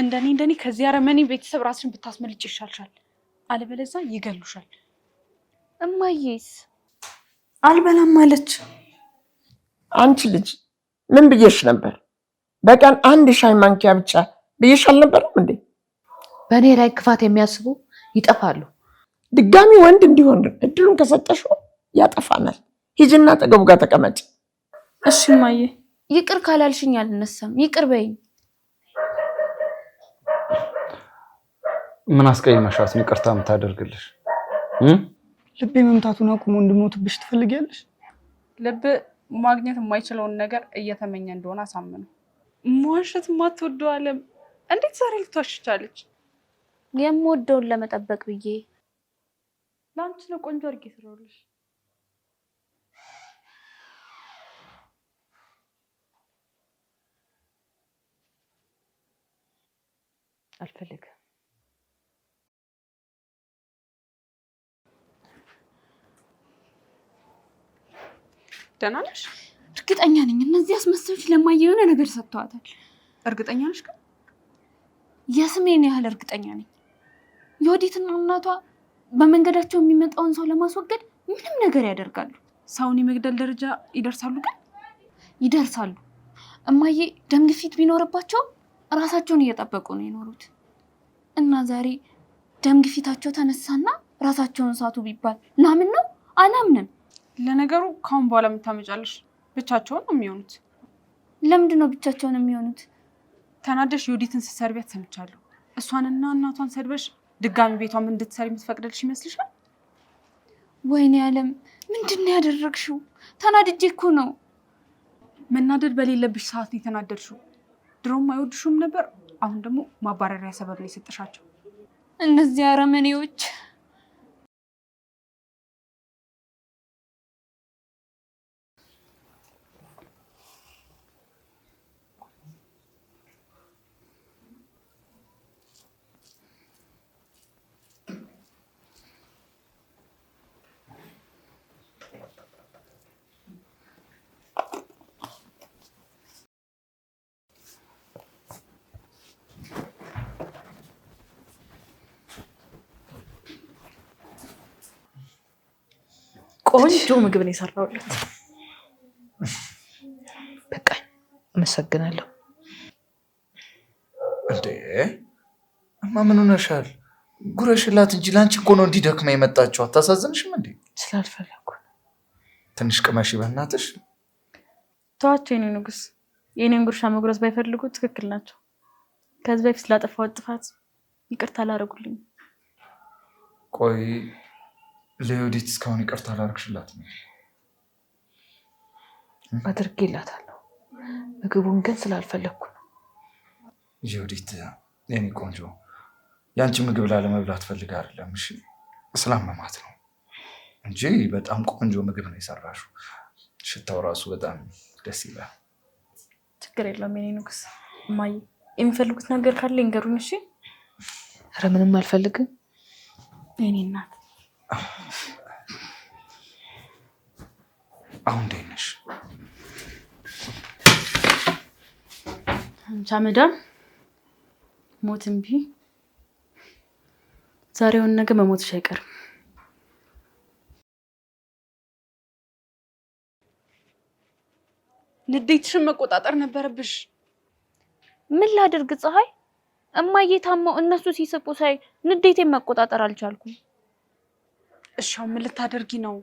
እንደኔ እንደኔ ከዚህ አረመኔ ቤተሰብ ራስሽን ብታስመልጭ ይሻልሻል። አለበለዛ ይገሉሻል። እማዬስ አልበላም አለች። አንቺ ልጅ ምን ብዬሽ ነበር? በቀን አንድ ሻይ ማንኪያ ብቻ ብዬሽ አልነበረም እንዴ? በእኔ ላይ ክፋት የሚያስቡ ይጠፋሉ። ድጋሚ ወንድ እንዲሆን እድሉን ከሰጠሽው ያጠፋናል። ሂጅና አጠገቡ ጋር ተቀመጭ። እሺ እማዬ፣ ይቅር ካላልሽኝ አልነሳም። ይቅር በይኝ። ምን አስቀይመሻት ነው ይቅርታ የምታደርግልሽ? ልቤ መምታቱን አቁሞ እንድሞትብሽ ትፈልጊያለሽ? ልብ ማግኘት የማይችለውን ነገር እየተመኘ እንደሆነ አሳምነው። መዋሸት የማትወደው አለም እንዴት ዛሬ ልትዋሽ የምወደውን ለመጠበቅ ብዬ ለአንቺ ነው ቆንጆ አድርጌ ስራለሽ። አልፈልግም ደህና ነሽ? እርግጠኛ ነኝ እነዚህ አስመሳዮች ለማየ የሆነ ነገር ሰጥተዋታል። እርግጠኛ ነሽ ግን? የስሜን ያህል እርግጠኛ ነኝ። የወዲትና እናቷ በመንገዳቸው የሚመጣውን ሰው ለማስወገድ ምንም ነገር ያደርጋሉ። ሰውን የመግደል ደረጃ ይደርሳሉ። ግን ይደርሳሉ። እማዬ ደም ግፊት ቢኖርባቸው ራሳቸውን እየጠበቁ ነው የኖሩት እና ዛሬ ደም ግፊታቸው ተነሳና ራሳቸውን ሳቱ ቢባል ላምን ነው? አላምንም። ለነገሩ ካሁን በኋላ የምታመጫለሽ ብቻቸውን ነው የሚሆኑት። ለምንድን ነው ብቻቸውን የሚሆኑት? ተናደሽ የወዲትን ስትሰርቢያት ሰምቻለሁ። እሷንና እናቷን ሰድበሽ ድጋሚ ቤቷም እንድትሰሪ የምትፈቅደልሽ ይመስልሻል? ወይኔ አለም ምንድን ነው ያደረግሽው? ተናድጄ እኮ ነው። መናደድ በሌለብሽ ሰዓት ነው የተናደድሽው። ድሮም አይወድሹም ነበር፣ አሁን ደግሞ ማባረሪያ ሰበብ ነው የሰጠሻቸው እነዚህ አረመኔዎች። ቆንጆ ምግብ ነው የሰራሁለት። በቃ አመሰግናለሁ። እንዴ እማ ምን ሆነሻል? ጉረሽላት እንጂ ለአንቺ እኮ ነው እንዲደክማ የመጣችው። አታሳዝንሽም እንዴ? ስላልፈለኩ ትንሽ ቅመሽ በእናትሽ። ተዋቸው የኔ ንጉስ፣ የኔን ጉርሻ መጉረስ ባይፈልጉ ትክክል ናቸው። ከዚህ በፊት ስላጠፋሁት ጥፋት ይቅርታ አላደረጉልኝም። ቆይ ለዮዲት እስካሁን ይቅርታ አላርግሽላት ነው? አድርጌላታለሁ። ምግቡን ግን ስላልፈለግኩ ነው። ዮዲት የኔ ቆንጆ፣ የአንቺ ምግብ ላለመብላት ፈልጋ አይደለም፣ እሺ፣ ስላመማት ነው እንጂ በጣም ቆንጆ ምግብ ነው የሰራሽው። ሽታው ራሱ በጣም ደስ ይላል። ችግር የለውም የኔ ንጉስ። እማዬ የሚፈልጉት ነገር ካለ ይንገሩን እሺ። ኧረ ምንም አልፈልግም የኔ እናት አሁን እንዴት ነሽ? አንቺ ሞት እምቢ ዛሬውን ነገ መሞትሽ አይቀርም። ንዴትሽን መቆጣጠር ነበረብሽ። ምን ላድርግ ፀሐይ፣ እማዬ ታመው እነሱ ሲስቁ ሳይ ንዴቴን መቆጣጠር አልቻልኩም። እሻው ምን ልታደርጊ ነው?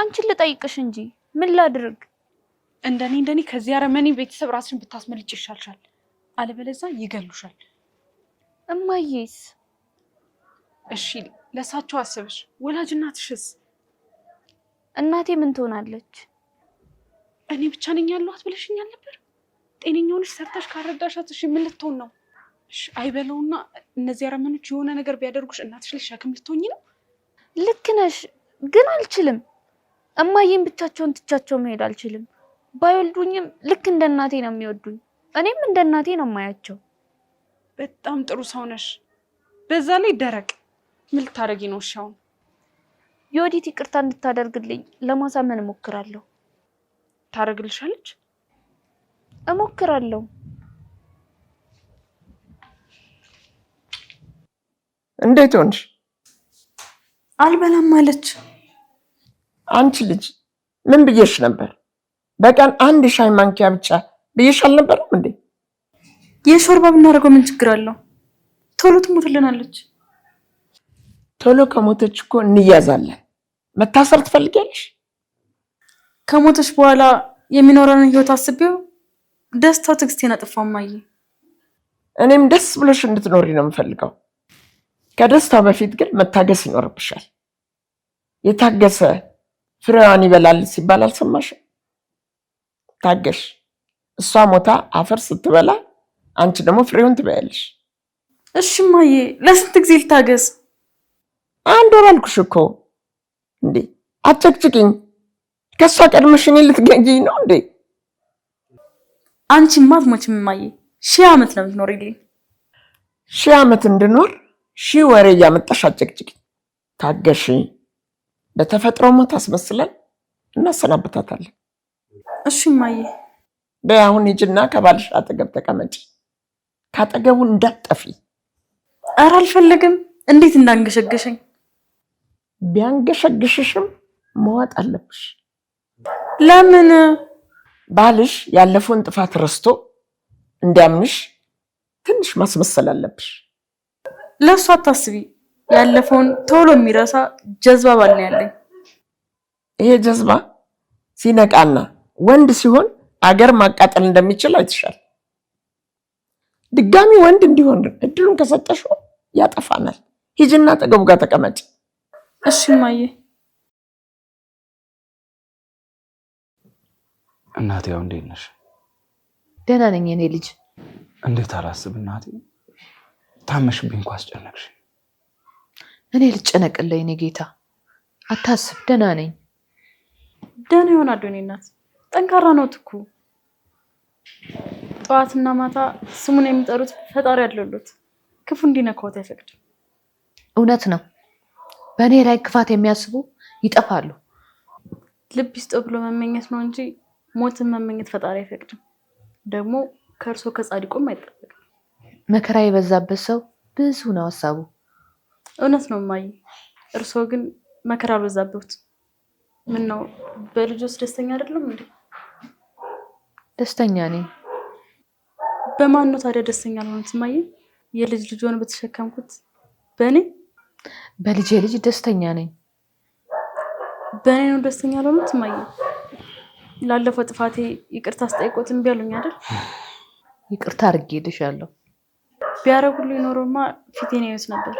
አንቺን ልጠይቅሽ እንጂ ምን ላድርግ? እንደኔ እንደኔ ከዚህ አረመኔ ቤተሰብ ራስሽን ብታስመልጭ ይሻልሻል፣ አለበለዛ ይገሉሻል። እማዬስ? እሺ ለሳቸው አስበሽ፣ ወላጅ እናትሽስ? እናቴ ምን ትሆናለች? እኔ ብቻ ነኝ ያለኋት ብለሽኛል ነበር። ጤነኛውንሽ ሰርታሽ ካረዳሻት እሺ ምን ልትሆን ነው? አይበለውና እነዚህ አረመኖች የሆነ ነገር ቢያደርጉሽ እናትሽ ላይ ሸክም ልትሆኝ ነው። ልክ ነሽ፣ ግን አልችልም። እማዬም ብቻቸውን ትቻቸው መሄድ አልችልም። ባይወልዱኝም ልክ እንደ እናቴ ነው የሚወዱኝ፣ እኔም እንደ እናቴ ነው የማያቸው። በጣም ጥሩ ሰው ነሽ። በዛ ላይ ደረቅ ምን ልታደርጊ ነው? የወዲት ይቅርታ እንድታደርግልኝ ለማሳመን እሞክራለሁ። ታደርግልሻለች? እሞክራለሁ። እንዴት ሆንሽ? አልበላም አለች። አንቺ ልጅ ምን ብዬሽ ነበር? በቀን አንድ ሻይ ማንኪያ ብቻ ብዬሽ አልነበረም እንዴ? የሾርባ ብናደርገው ምን ችግር አለው? ቶሎ ትሞትልናለች። ቶሎ ከሞተች እኮ እንያዛለን። መታሰር ትፈልጊያለሽ? ከሞተች በኋላ የሚኖረን ህይወት አስቤው ደስታው ትዕግስቴን አጥፋ። እኔም ደስ ብሎሽ እንድትኖሪ ነው የምፈልገው። ከደስታ በፊት ግን መታገስ ይኖርብሻል። የታገሰ ፍሬዋን ይበላል ሲባል አልሰማሽም? ታገሽ። እሷ ሞታ አፈር ስትበላ አንቺ ደግሞ ፍሬውን ትበያለሽ። እሺ እማዬ፣ ለስንት ጊዜ ልታገስ? አንድ ወር አልኩሽ እኮ እንዴ! አጨቅጭቅኝ። ከእሷ ቀድመሽ እኔ ነው እንዴ? አንቺማ አትሞችም እማዬ፣ ሺህ ዓመት ለምትኖር ሺህ ዓመት እንድኖር ሺህ ወሬ እያመጣሽ አጨቅጭቂ። በተፈጥሮ ሞት አስመስለን እናሰናብታታለን። እሺ እማዬ። በይ አሁን ሂጂና ከባልሽ አጠገብ ተቀመጪ። ካጠገቡ እንዳትጠፊ። ኧረ አልፈለግም። እንዴት እንዳንገሸገሸኝ። ቢያንገሸግሽሽም መዋጥ አለብሽ። ለምን? ባልሽ ያለፈውን ጥፋት ረስቶ እንዲያምንሽ ትንሽ ማስመሰል አለብሽ። ለእሱ አታስቢ። ያለፈውን ቶሎ የሚረሳ ጀዝባ ባል ነው ያለኝ። ይሄ ጀዝባ ሲነቃና ወንድ ሲሆን አገር ማቃጠል እንደሚችል አይተሻል። ድጋሚ ወንድ እንዲሆን እድሉን ከሰጠሽው ያጠፋናል። ሂጅና አጠገቡ ጋር ተቀመጭ። እሺ እማዬ። እናቴ ያው እንዴት ነሽ? ደህና ነኝ የኔ ልጅ። እንዴት አላስብ እናቴ ታመሽብኝ እንኳ አስጨነቅሽ። እኔ ልጨነቅልኝ? ኔ ጌታ አታስብ፣ ደህና ነኝ። ደህና ይሆናሉ። እኔ እናት ጠንካራ ነው ትኩ። ጠዋትና ማታ ስሙን የሚጠሩት ፈጣሪ ያለሉት ክፉ እንዲነካዎት አይፈቅድም። እውነት ነው። በእኔ ላይ ክፋት የሚያስቡ ይጠፋሉ። ልብ ይስጠው ብሎ መመኘት ነው እንጂ ሞትን መመኘት ፈጣሪ አይፈቅድም። ደግሞ ከእርሶ ከጻድቁም አይጠበቅም። መከራ የበዛበት ሰው ብዙ ነው ሀሳቡ። እውነት ነው እማዬ። እርስዎ ግን መከራ አልበዛበት? ምን ነው በልጆስ ደስተኛ አይደለም እንዴ? ደስተኛ ነኝ። በማን ነው ታዲያ ደስተኛ አልሆኑት እማዬ? የልጅ ልጆን በተሸከምኩት በእኔ በልጅ ልጅ ደስተኛ ነኝ። በእኔ ነው ደስተኛ ለሆኑት ማየ ላለፈው ጥፋቴ ይቅርታ አስጠይቆት እምቢ አሉኝ አይደል? ይቅርታ አድርጌልሻለሁ ቢያረጉልኝ ኖሮማ ፊቴን ያዩት ነበር።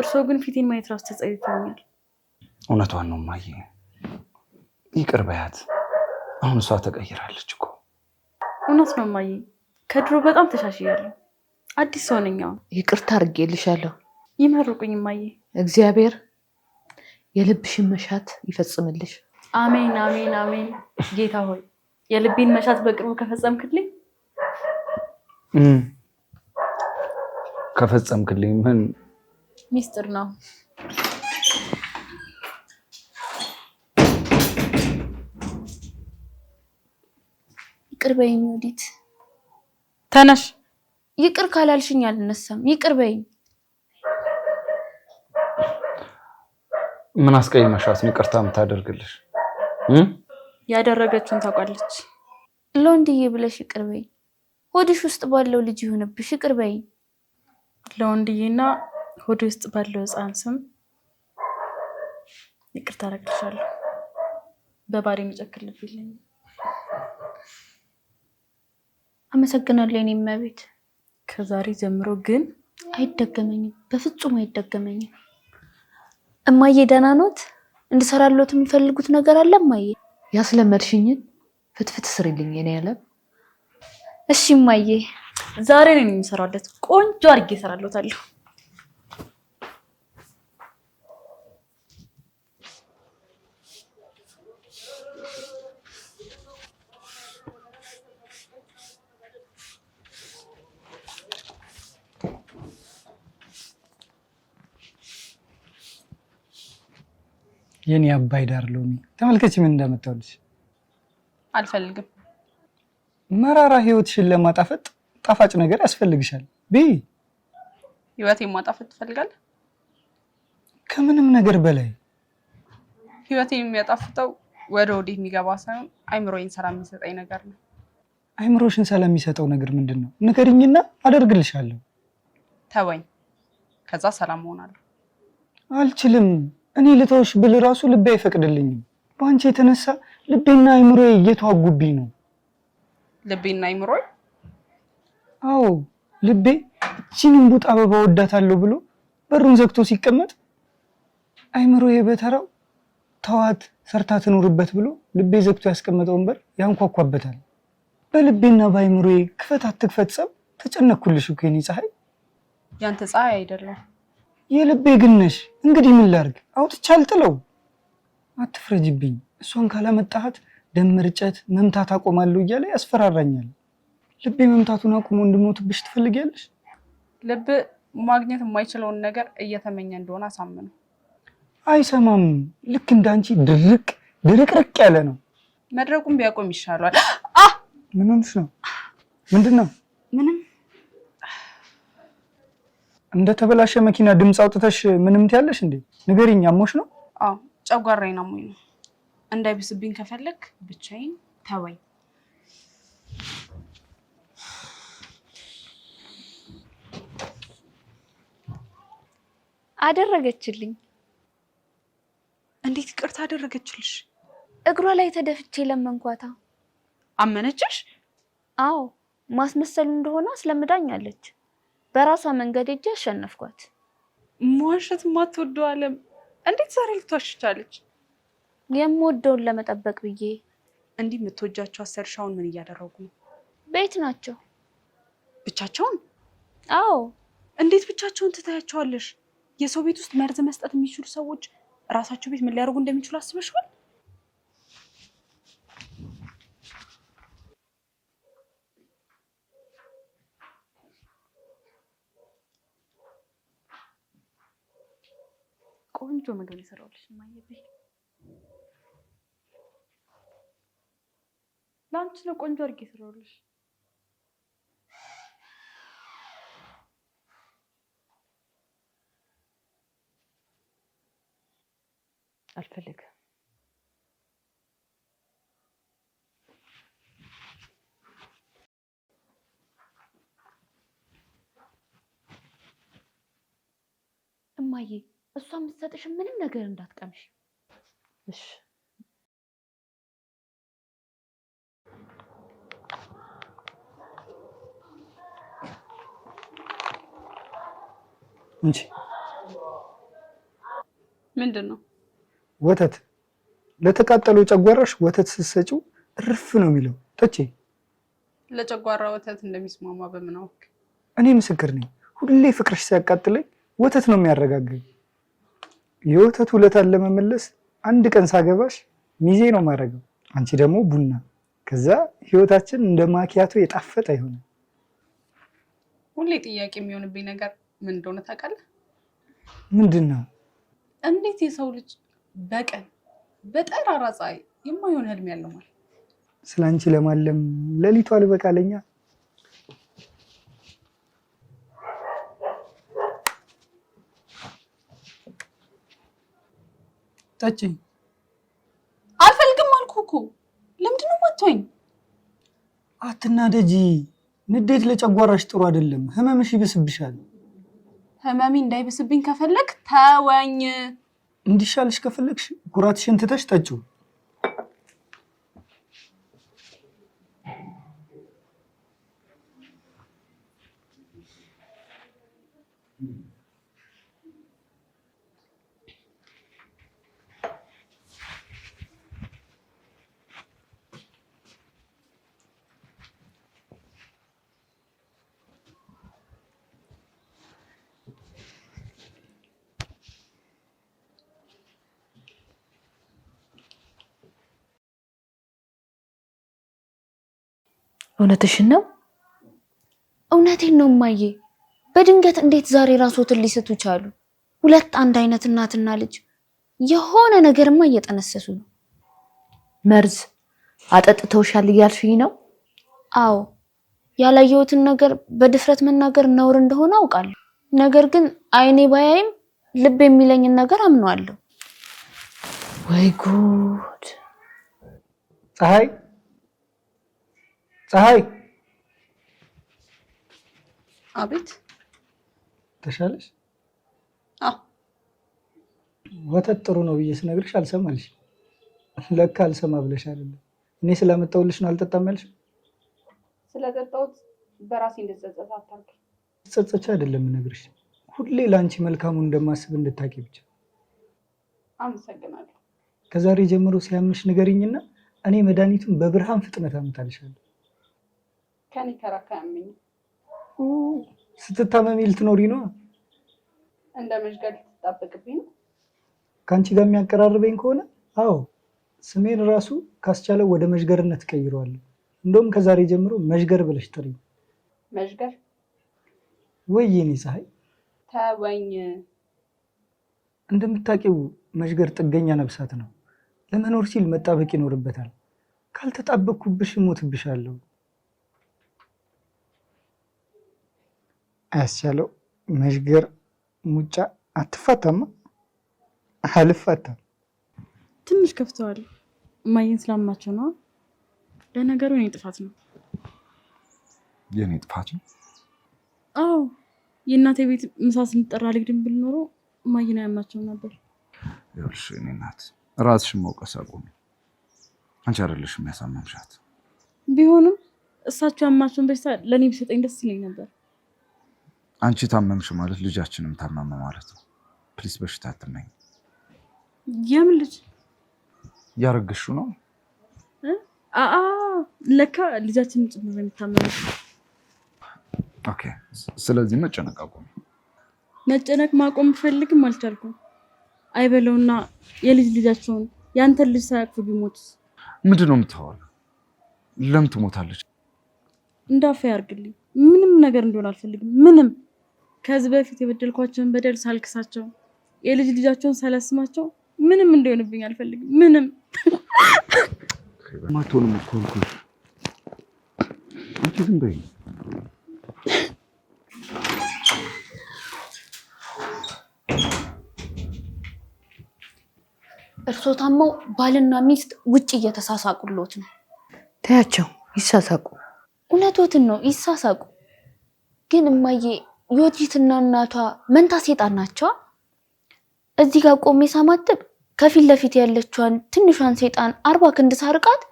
እርስዎ ግን ፊቴን ማየት ራሱ ተጸይቶኛል። እውነቷን ነው እማዬ፣ ይቅር በያት። አሁን እሷ ተቀይራለች እኮ። እውነት ነው እማዬ፣ ከድሮ በጣም ተሻሽያለሁ። አዲስ ሰው ነኝ አሁን። ይቅርታ አድርጌልሻለሁ። ይመርቁኝ እማዬ። እግዚአብሔር የልብሽን መሻት ይፈጽምልሽ። አሜን፣ አሜን፣ አሜን። ጌታ ሆይ የልቤን መሻት በቅርቡ ከፈጸምክልኝ ከፈጸምክልኝ ምን ሚስጥር ነው? ይቅር በይኝ ወዲት ተነሽ። ይቅር ካላልሽኝ አልነሳም። ይቅር በይኝ። ምን አስቀይመሻት ነው ይቅርታ የምታደርግልሽ? ያደረገችውን ታውቃለች። ለወንድዬ ብለሽ ይቅር በይኝ። ሆድሽ ውስጥ ባለው ልጅ ይሁንብሽ። ይቅር በይኝ። ለወንድዬና ሆዴ ውስጥ ባለው ህፃን ስም ይቅርታ አደርግልሻለሁ። በባሪ የሚጨክልብልኝ አመሰግናለሁ። እኔ እመቤት ከዛሬ ጀምሮ ግን አይደገመኝም፣ በፍጹም አይደገመኝም። እማዬ ደህና ኖት? የሚፈልጉት ነገር አለ? እማዬ ያስለመድሽኝን ፍትፍት ስሪልኝ የኔ ያለም። እሺ እማዬ ዛሬ ነው የሚሰራለት። ቆንጆ አድርጌ እሰራለታለሁ። የኔ አባይ ዳር ሎሚ ተመልከች፣ ምን እንዳመጣሁልሽ። አልፈልግም መራራ ህይወትሽን ለማጣፈጥ ጣፋጭ ነገር ያስፈልግሻል። ቢ ህይወቴን ማጣፈጥ ትፈልጋል። ከምንም ነገር በላይ ህይወቴን የሚያጣፍጠው ወደ ወዲህ የሚገባ ሳይሆን አይምሮዬን ሰላም የሚሰጠኝ ነገር ነው። አይምሮሽን ሰላም የሚሰጠው ነገር ምንድን ነው? ንገሪኝና አደርግልሻለሁ። ተወኝ፣ ከዛ ሰላም እሆናለሁ። አልችልም። እኔ ልተውሽ ብል ራሱ ልቤ አይፈቅድልኝም። በአንቺ የተነሳ ልቤና አይምሮዬ እየተዋጉብኝ ነው። ልቤና አይምሮዬ አዎ ልቤ እቺን ቡጥ አበባ ወዳታለሁ ብሎ በሩን ዘግቶ ሲቀመጥ አይምሮዬ በተራው ተዋት ሰርታ ትኖርበት ብሎ ልቤ ዘግቶ ያስቀመጠውን በር ያንኳኳበታል። በልቤና በአይምሮዬ ክፈት አትክፈት ጸብ ተጨነኩልሽ እኮ የኔ ፀሐይ። ያንተ ፀሐይ አይደለም የልቤ ግነሽ። እንግዲህ ምን ላርግ? አውጥቼ አልጥለው። አትፍረጅብኝ። እሷን ካላመጣሃት ደም ርጨት መምታት አቆማለሁ እያለ ያስፈራራኛል። ልቤ መምታቱን አቁሞ እንድሞትብሽ ትፈልጊያለሽ? ልብ ማግኘት የማይችለውን ነገር እየተመኘ እንደሆነ አሳምነው። አይሰማም። ልክ አንቺ ድርቅ ድርቅርቅ ያለ ነው። መድረቁን ቢያቆም ይሻሏል። ምን ሆንሽ ነው? ምንድን ነው? ምንም። እንደ ተበላሸ መኪና ድምፅ አውጥተሽ ምንም ትያለሽ እንዴ? ንገሪኝ። አሞሽ ነው? ጨጓራዬን አሞኝ ነው። እንዳይብስብኝ ከፈለግ ብቻዬን ተወኝ። አደረገችልኝ። እንዴት ይቅርታ አደረገችልሽ? እግሯ ላይ ተደፍቼ ለመንኳታ። አመነችሽ? አዎ ማስመሰሉ እንደሆነ አስለምዳኛለች። በራሷ መንገድ እጅ አሸነፍኳት። መዋሸት ማትወደው አለም እንዴት ዛሬ ልትዋሽ የምወደውን ለመጠበቅ ብዬ። እንዲህ የምትወጃቸው አሰርሽ ምን እያደረጉ ነው? ቤት ናቸው። ብቻቸውን? አዎ። እንዴት ብቻቸውን ትታያቸዋለሽ? የሰው ቤት ውስጥ መርዝ መስጠት የሚችሉ ሰዎች ራሳቸው ቤት ምን ሊያደርጉ እንደሚችሉ አስበሽዋል? ቆንጆ ምግብ የሰራሁልሽ ማየብኝ ለአንቺ ነው ቆንጆ አድርጌ የሰራሁልሽ። አልፈልግም። እማዬ እሷ የምትሰጥሽ ምንም ነገር እንዳትቀምሽ እሺ። እንጂ ምንድን ነው ወተት ለተቃጠለው ጨጓራሽ ወተት ስትሰጪው እርፍ ነው የሚለው። ተቼ ለጨጓራ ወተት እንደሚስማማ በምን እኔ ምስክር ነኝ። ሁሌ ፍቅርሽ ሲያቃጥለኝ ወተት ነው የሚያረጋግኝ። የወተት ውለታን ለመመለስ አንድ ቀን ሳገባሽ ሚዜ ነው ማድረገው፣ አንቺ ደግሞ ቡና። ከዛ ህይወታችን እንደ ማኪያቶ የጣፈጠ ይሆነ። ሁሌ ጥያቄ የሚሆንብኝ ነገር ምን እንደሆነ ታውቃለህ? ምንድን ነው? እንዴት የሰው ልጅ በቀን በጠራራ ፀሐይ የማይሆን ህልም ያለማል። ስለ አንቺ ለማለም ሌሊቱ አልበቃ ለኛ። ጠጪ። አልፈልግም አልኩህ እኮ። ለምንድን ነው የማትወኝ? አትናደጂ። ንዴት ለጨጓራሽ ጥሩ አይደለም። ህመምሽ ይብስብሻል። ህመሜ እንዳይብስብኝ ከፈለግ ተወኝ። እንዲሻልሽ ከፈለግሽ ኩራት ትተሽ ጠጪው። እውነትሽን ነው? እውነቴን ነው እማዬ። በድንገት እንዴት ዛሬ ራስዎትን ሊስቱ ቻሉ? ሁለት አንድ አይነት እናትና ልጅ የሆነ ነገርማ እየጠነሰሱ ነው። መርዝ አጠጥተውሻል እያልሽኝ ነው? አዎ ያላየሁትን ነገር በድፍረት መናገር ነውር እንደሆነ አውቃለሁ። ነገር ግን አይኔ ባያይም ልብ የሚለኝን ነገር አምነዋለሁ። ወይ ጉድ! ፀሐይ ፀሐይ አቤት ተሻለሽ? ወተት ጥሩ ነው ብዬ ስነግርሽ አልሰማልሽ። ለካ አልሰማ ብለሽ አይደለም እኔ ስላመጣሁልሽ ነው አልጠጣም ያልሽው። ስለጠጣሁት በራሴ እንድትጸጸት አታርጊ። ጸጸቻ አይደለም ነግርሽ ሁሌ ለአንቺ መልካሙን እንደማስብ እንድታቂ ብቻ። አመሰግናለሁ። ከዛሬ ጀምሮ ሲያምሽ ንገሪኝና እኔ መድኃኒቱን በብርሃን ፍጥነት አመጣልሻለሁ። ከኔ ከራካምኝ ስትታመሚ ልትኖሪ ነው። እንደ መሽገር ልትጣበቅብኝ ነው። ከአንቺ ጋር የሚያቀራርበኝ ከሆነ አዎ፣ ስሜን ራሱ ካስቻለ ወደ መዥገርነት ቀይረዋለሁ። እንደውም ከዛሬ ጀምሮ መዥገር ብለሽ ጥሪ። መሽገር ወይ የኔ ፀሐይ ተወኝ። እንደምታውቂው መሽገር ጥገኛ ነብሳት ነው። ለመኖር ሲል መጣበቅ ይኖርበታል። ካልተጣበቅኩብሽ እሞትብሻለሁ። አስቻለው መሽገር ሙጫ አትፋታማ? አልፋታም። ትንሽ ከፍተዋል። እማዬን ስላማቸው ነው። ለነገሩ የኔ ጥፋት ነው። የኔ ጥፋት ነው? አዎ የእናቴ ቤት ምሳ ስንጠራ ልግድን ብል ኖሮ እማዬን አያማቸውም ነበር። ይኸውልሽ እኔ እናት ራስሽን መውቀስ አቁሚ። አንቺ አይደለሽ የሚያሳመምሻት። ቢሆንም እሳቸው ያማቸውን በሽታ ለእኔ ቢሰጠኝ ደስ ይለኝ ነበር። አንቺ ታመምሽ ማለት ልጃችንም ታመመ ማለት ነው። ፕሊስ በሽታ አትመኝ። የምን ልጅ ያረገሽው ነው? ለካ ልጃችን ጭምር የሚታመመ። ኦኬ። ስለዚህ መጨነቅ አቆም። መጨነቅ ማቆም ፈልግም አልቻልኩም። አይበለውና የልጅ ልጃቸውን የአንተን ልጅ ሳያቅፍ ቢሞትስ? ምንድን ነው የምታወራው? ለምን ትሞታለች? እንዳፋ ያርግልኝ። ምንም ነገር እንደሆን አልፈልግም። ምንም ከዚህ በፊት የበደልኳቸውን በደል ሳልክሳቸው የልጅ ልጃቸውን ሳላስማቸው ምንም እንዲሆንብኝ አልፈልግም። ምንም ማትሆንም እኮ አልኩሽ። አንቺ ዝም በይ። እርሶ ታመው ባልና ሚስት ውጭ እየተሳሳቁሎት ነው። ታያቸው ይሳሳቁ። እውነቶትን ነው ይሳሳቁ። ግን እማዬ ዮዲትና እናቷ መንታ ሴጣን ናቸው። እዚህ ጋር ቆሜ ሳማትብ ከፊት ለፊት ያለችዋን ትንሿን ሴጣን አርባ ክንድ ሳርቃት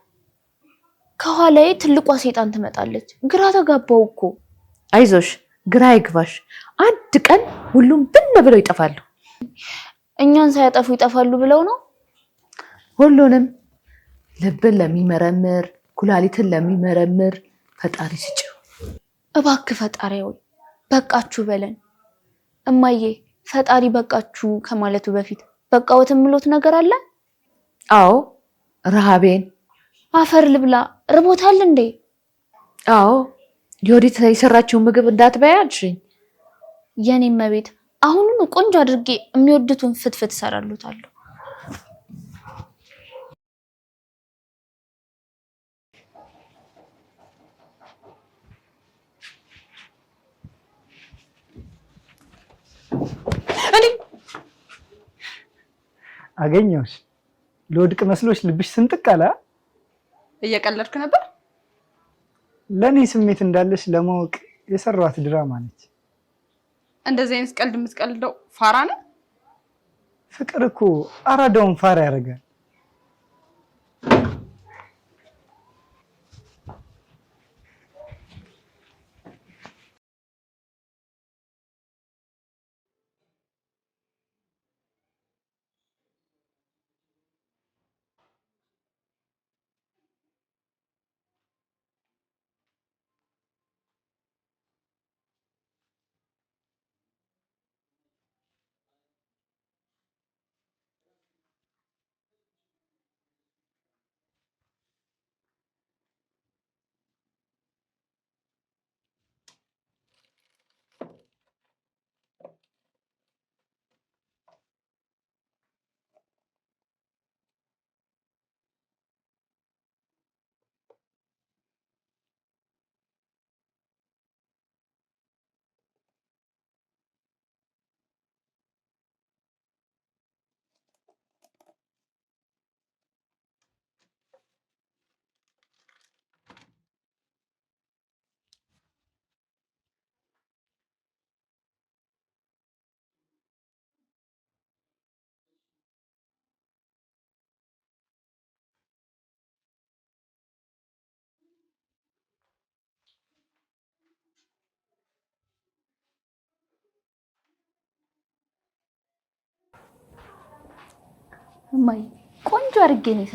ከኋላዬ ትልቋ ሴጣን ትመጣለች። ግራ ተጋባው እኮ። አይዞሽ፣ ግራ ይግባሽ። አንድ ቀን ሁሉም ብን ብለው ይጠፋሉ። እኛን ሳያጠፉ ይጠፋሉ ብለው ነው። ሁሉንም ልብን ለሚመረምር ኩላሊትን ለሚመረምር ፈጣሪ ስጭው እባክህ ፈጣሪ በቃችሁ በለን። እማዬ ፈጣሪ በቃችሁ ከማለቱ በፊት በቃወት የምሎት ነገር አለ? አዎ ረሃቤን አፈር ልብላ ርቦታል እንዴ? አዎ የወዲት የሰራችው ምግብ እንዳትበያ አልሽኝ። የኔ መቤት አሁኑኑ ቆንጆ አድርጌ የሚወድቱን ፍትፍት ሰራሉታለሁ። እንዴ አገኘሁሽ። ለወድቅ መስሎሽ ልብሽ ስንጥቅ አለ። እየቀለድክ ነበር። ለእኔ ስሜት እንዳለሽ ለማወቅ የሰሯት ድራማ ነች። እንደዚህ አይነት ቀልድ የምትቀልደው ፋራ ነው። ፍቅር እኮ አራዳውን ፋራ ያደርጋል። እማዬ ቆንጆ አድርጌ ነው